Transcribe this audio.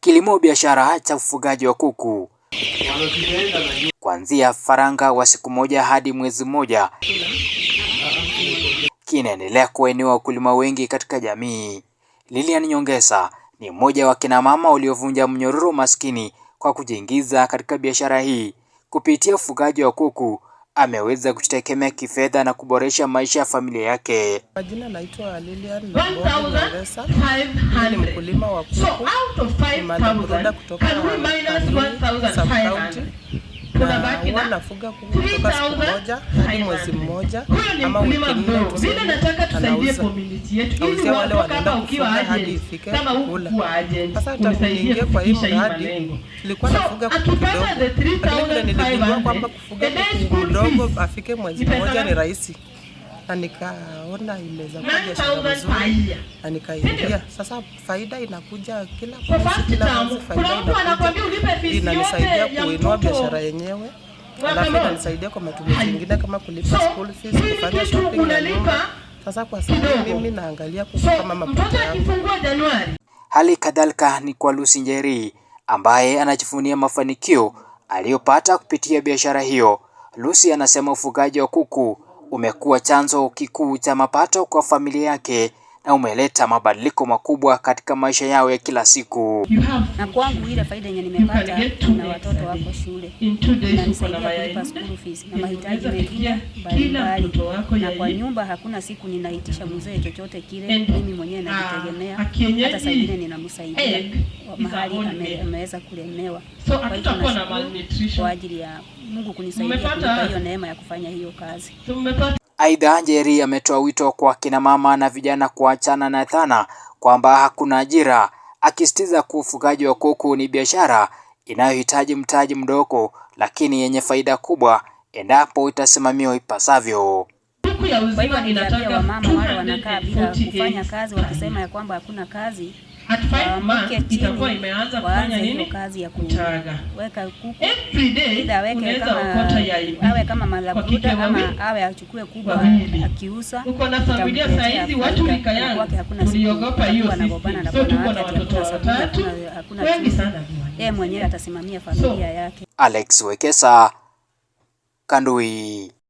Kilimo, biashara cha ufugaji wa kuku kuanzia faranga wa siku moja hadi mwezi mmoja kinaendelea kuwainua wakulima wengi katika jamii. Lilian Nyongesa ni mmoja wa kina mama waliovunja mnyororo maskini kwa kujiingiza katika biashara hii kupitia ufugaji wa kuku ameweza kujitegemea kifedha na kuboresha maisha ya familia yake. Majina naitwa Lilian Nabongo Nyongesa, ni mkulima wa kuku, ni madam Rwanda kutoka na nafuga kutoka siku moja hadi mwezi mmoja ama wiki nne, tuseme anauza wale wanaenda kufuga hadi ifike kula. Sasa tangu niingie kwa hii mradi nilikuwa nafuga kuku kidogo, lakini vile niligundua kwamba kufuga kuku mdogo afike mwezi mmoja ni rahisi na nikaona inaweza kuwa biashara nzuri na nikaingia. Sasa faida inakuja kila mwezi, kila mwezi faida inakuja, inanisaidia kuinua biashara yenyewe, alafu inanisaidia kwa matumizi mengine kama kulipa school fees, kufanya shopping na nyumba. Sasa kwa sasa mimi naangalia kuhusu kama mapato yangu. Hali kadhalika ni kwa Lucy Njeri ambaye anajivunia mafanikio aliyopata kupitia biashara hiyo. Lucy anasema ufugaji wa kuku umekuwa chanzo kikuu cha mapato kwa familia yake na umeleta mabadiliko makubwa katika maisha yao ya kila siku. Na kwangu ile faida yenye nimepata na watoto wako shule inanisaidia kulipa school fees na mahitaji mengine mbalimbali, na kwa nyumba hakuna siku ninaitisha mzee chochote kile, mimi mwenyewe na hata saa ingine ninamsaidia mahali ameweza kulemewa. So kwa ajili ya Mungu kunisaidia hiyo neema ya kufanya hiyo kazi. Aidha, Njeri ametoa wito kwa kina mama na vijana kuachana na dhana kwamba hakuna ajira, akisitiza kuwa ufugaji wa kuku ni biashara inayohitaji mtaji mdogo lakini yenye faida kubwa endapo itasimamiwa ipasavyo ya uzima inataka kufanya kazi wakisema ya kwamba hakuna kazi at uh, itakuwa imeanza kufanya nini? Kazi ya kutaga weka kuku every day, unaweza ukota yai awe kama malabuda ama awe achukue kubwa akiusa. Uko na familia saizi, watu rika yangu tuliogopa hiyo sisi, so tuko na watoto watatu wengi sana, yeye mwenyewe atasimamia familia yake. Alex Wekesa, Kandui.